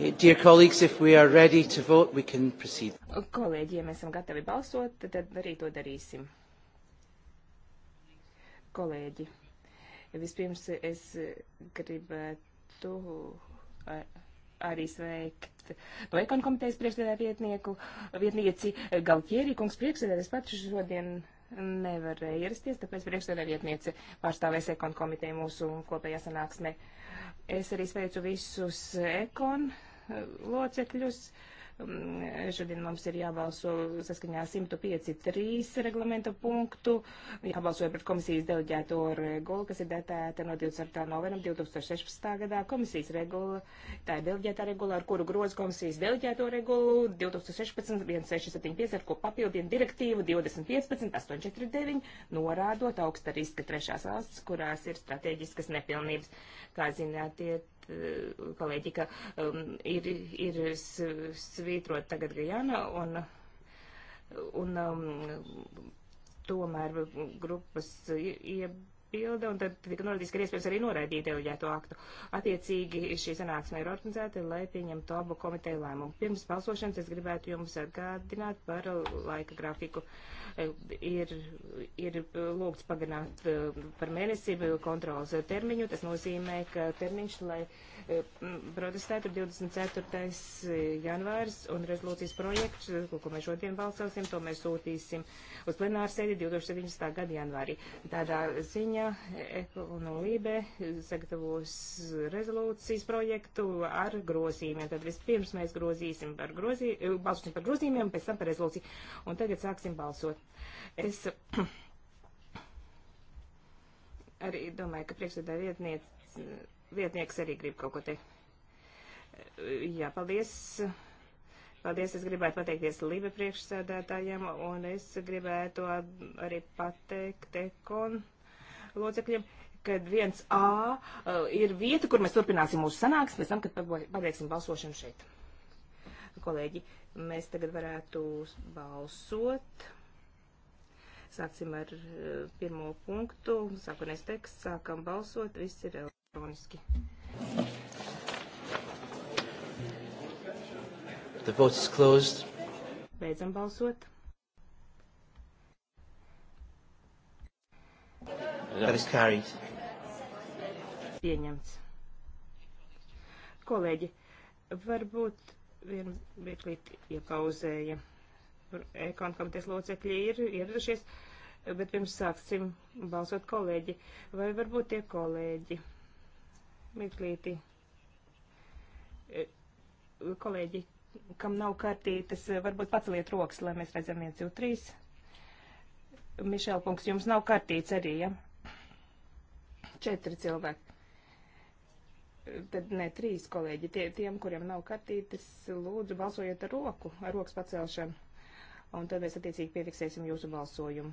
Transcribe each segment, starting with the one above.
Eh, dear colleagues, if we are ready to vote, we can proceed. Kolēģi, ja mēs esam gatavi balsot, tad arī to darīsim. Kolēģi, vispirms es gribētu arī sveikt no ekonu komitejas priekšsēdētāju vietnieku, vietnieci Galtieri, kungs priekšsēdētājs pats šodien nevarēja ierasties, tāpēc priekšsēdētāja vietniece pārstāvēs ekonu komiteju mūsu kopējā sanāksmē. Es arī sveicu visus ekonu locekļus Mm, šodien mums ir jābalso saskaņā 105.3 reglamenta punktu, jābalsoja pret komisijas deleģēto regulu, kas ir datēta no 24. novembra 2016. gadā. Komisijas regula, tā ir deleģētā regula, ar kuru groz komisijas deleģēto regulu 2016.1675, ar ko papildina direktīvu 2015.849, norādot augsta riska trešās valsts, kurās ir strateģiskas nepilnības. Kā zināt, tie kolēģi, ka um, ir, ir sv svītrot tagad Gajana un, un um, tomēr grupas ie, jāizpilda, un tad tika norādīts, ka iespējams arī noraidīt deleģēto aktu. Attiecīgi šī sanāksme ir organizēta, lai pieņemtu abu komiteju lēmumu. Pirms balsošanas es gribētu jums atgādināt par laika grafiku. Ir, ir lūgts pagarināt eh, par mēnesi kontrolas termiņu. Tas nozīmē, ka termiņš, lai eh, protestētu, ir 24. Eh, janvārs, un rezolūcijas projekts, ko mēs šodien balsosim, to mēs sūtīsim uz plenārsēdi 2017. gada janvārī. Tādā ziņā Māja, Eko un Lībe sagatavos rezolūcijas projektu ar grozījumiem. Tad vispirms mēs grozīsim par grozī, balsosim par grozījumiem, pēc tam par rezolūciju. Un tagad sāksim balsot. Es arī domāju, ka priekšsēdā vietniec, vietnieks arī grib kaut ko teikt. Jā, paldies. Paldies, es gribētu pateikties Lībe priekšsēdētājiem, un es gribētu arī pateikt Ekon locekļiem, kad viens A eh, ir vieta, kur mēs turpināsim mūsu sanāksmi, pēc tam, kad pabeigsim balsošanu šeit. Kolēģi, mēs tagad varētu balsot. Sāksim ar eh, pirmo punktu, sākotnēs teksts, sākam balsot, viss ir elektroniski. The vote is closed. Beidzam balsot. That is carried. Pieņemts. Kolēģi, varbūt vienu brīdī iepauzēja. Ekonomikas locekļi ir ieradušies, bet pirms sāksim balsot kolēģi. Vai varbūt tie kolēģi? Mirklīti. E, kolēģi, kam nav kartītes, varbūt paceliet rokas, lai mēs redzam 1, 2, 3. Mišēl, punkts, jums nav kartīts arī, ja? četri cilvēki. Tad ne trīs kolēģi. Tie, tiem, kuriem nav kartītes, lūdzu balsojiet ar roku, ar rokas pacelšanu. Un tad mēs attiecīgi piefiksēsim jūsu balsojumu.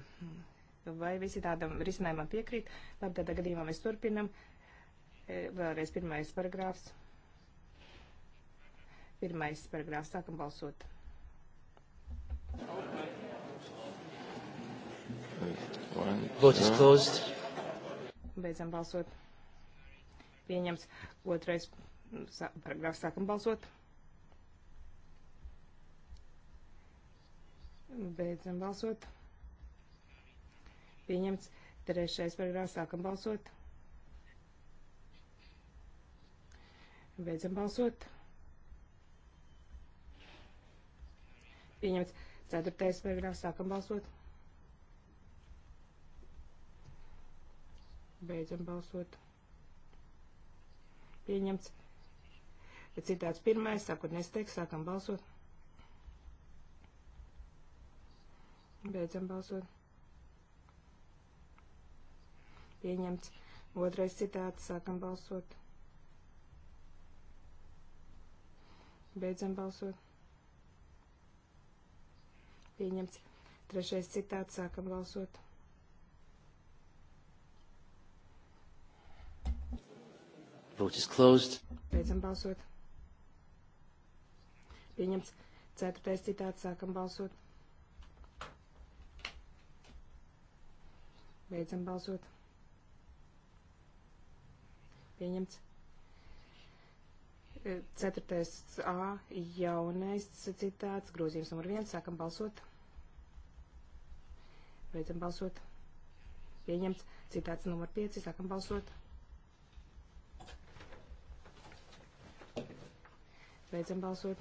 Vai visi tādam risinājumam piekrīt? Labi, tādā gadījumā mēs turpinam. E, vēlreiz pirmais paragrāfs. Pirmais paragrāfs. Sākam balsot. Vote is closed. Beidzam balsot. Pieņems. Otrais paragrāfs sākam balsot. Beidzam balsot. Pieņemts. Trešais paragrāfs sākam balsot. Beidzam balsot. Pieņemts. Ceturtais paragrāfs sākam balsot. Beidzam balsot. Pieņemts. Bet citāds pirmais, sākotnēs teiks, sākam balsot. Beidzam balsot. Pieņemts. Otrais citāts, sākam balsot. Beidzam balsot. Pieņemts. Trešais citāts, sākam balsot. Vote is closed. Beidzam balsot. Pieņemts. Ceturtais citāts. Sākam balsot. Beidzam balsot. Pieņemts. E, ceturtais A jaunais citāts. Grozījums numur viens. Sākam balsot. Beidzam balsot. Pieņemts. Citāts numur pieci. Sākam balsot. Pieņemts. Beidzam balsot.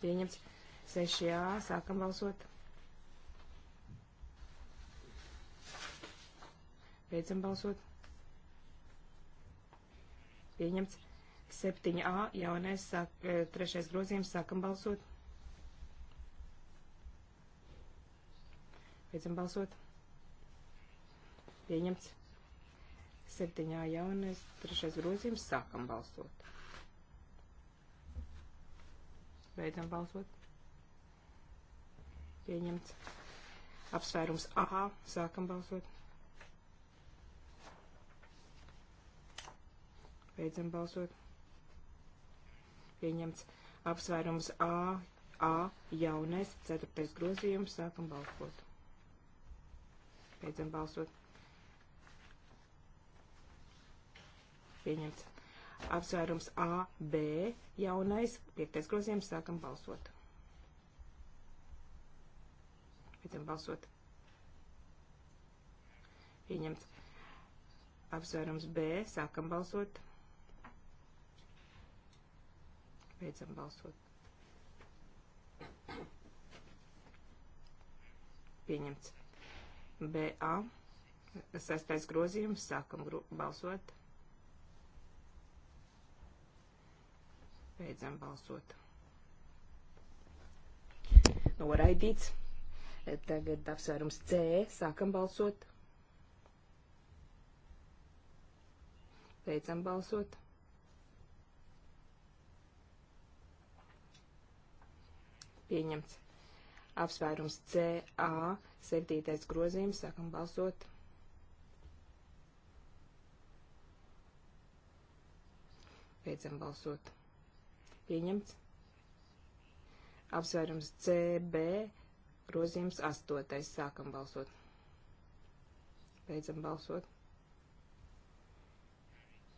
Pieņemts. 6A. Sākam balsot. Beidzam balsot. Pieņemts. 7A. Jaunais sāk, e, trešais grozījums. Sākam balsot. Beidzam balsot. Pieņemts. 7A. Jaunais trešais grozījums. Sākam balsot. Beidzam balsot. Pieņemts. Apsvērums A. Sākam balsot. Beidzam balsot. Pieņemts. Apsvērums A. A. Jaunais. Ceturtais grozījums. Sākam balsot. Beidzam balsot. Pieņemts apsvērums A, B, jaunais, piektais grozījums, sākam balsot. Beidzam balsot. Pieņemts. Apsvērums B, sākam balsot. Beidzam balsot. Pieņemts. BA, sastais grozījums, sākam balsot. Beidzam balsot. Noraidīts. Tagad apsvērums C. Sākam balsot. Beidzam balsot. Pieņemts. Apsvērums CA. Septītais grozījums. Sākam balsot. Beidzam balsot pieņemts. Apsvērums CB, grozījums 8. Sākam balsot. Beidzam balsot.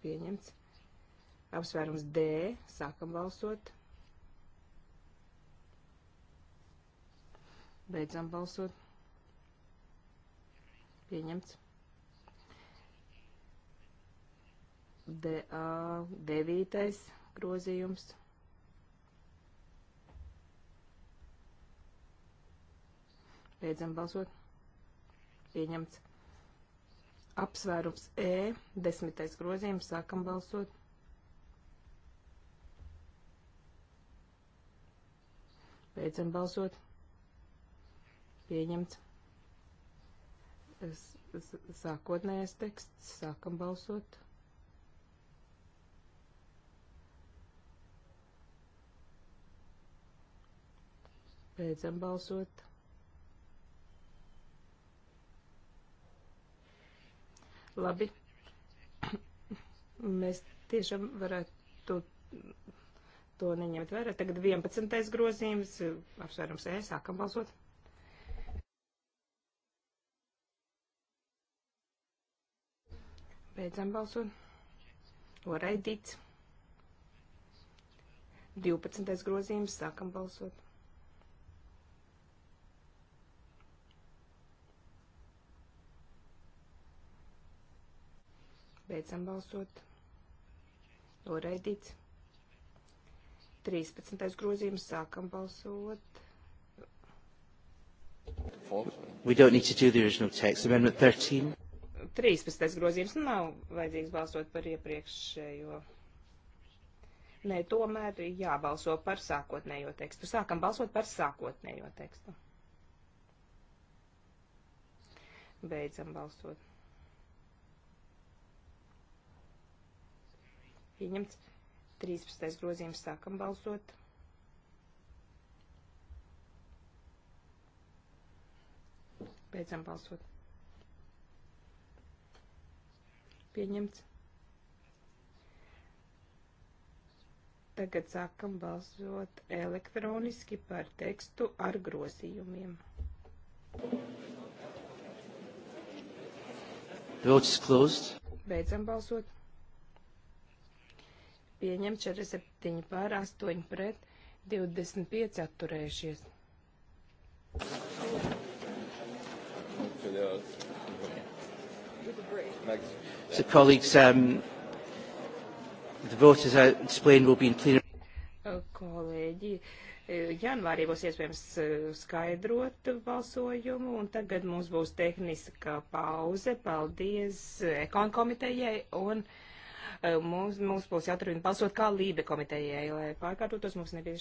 Pieņemts. Apsvērums D, sākam balsot. Beidzam balsot. Pieņemts. DA 9. grozījums. Beidzam balsot. Pieņemts. Apsvērums E, desmitais grozījums, sākam balsot. Beidzam balsot. Pieņemts. Es, es, sākotnējais teksts, sākam balsot. Beidzam balsot. Labi. Mēs tiešām varētu to neņemt vērā. Tagad 11. grozījums. Apsvērums E. Sākam balsot. Beidzam balsot. Oraidīts. 12. grozījums. Sākam balsot. Beidzam balsot. Noraidīts. 13. grozījums. Sākam balsot. We don't need to do the original text. Amendment 13. 13. grozījums nu, nav vajadzīgs balsot par iepriekšējo. Nē, tomēr jābalso par sākotnējo tekstu. Sākam balsot par sākotnējo tekstu. Beidzam balsot. pieņemts. 13. grozījums sākam balsot. Beidzam balsot. Pieņemts. Tagad sākam balsot elektroniski par tekstu ar grozījumiem. Votes closed. Beidzam balsot pieņemts 47 pār 8 pret 25 atturējušies. So colleagues, um, the vote, as I explained, will be in plenary. Uh, kolēģi, uh, janvārī būs iespējams uh, skaidrot balsojumu, un tagad mums būs tehniska pauze. Paldies ekonkomitejai un. Uh, Mums, mums būs jāturpina balsot kā lībe komitejai, lai pārkārtotos mums nepieciešams.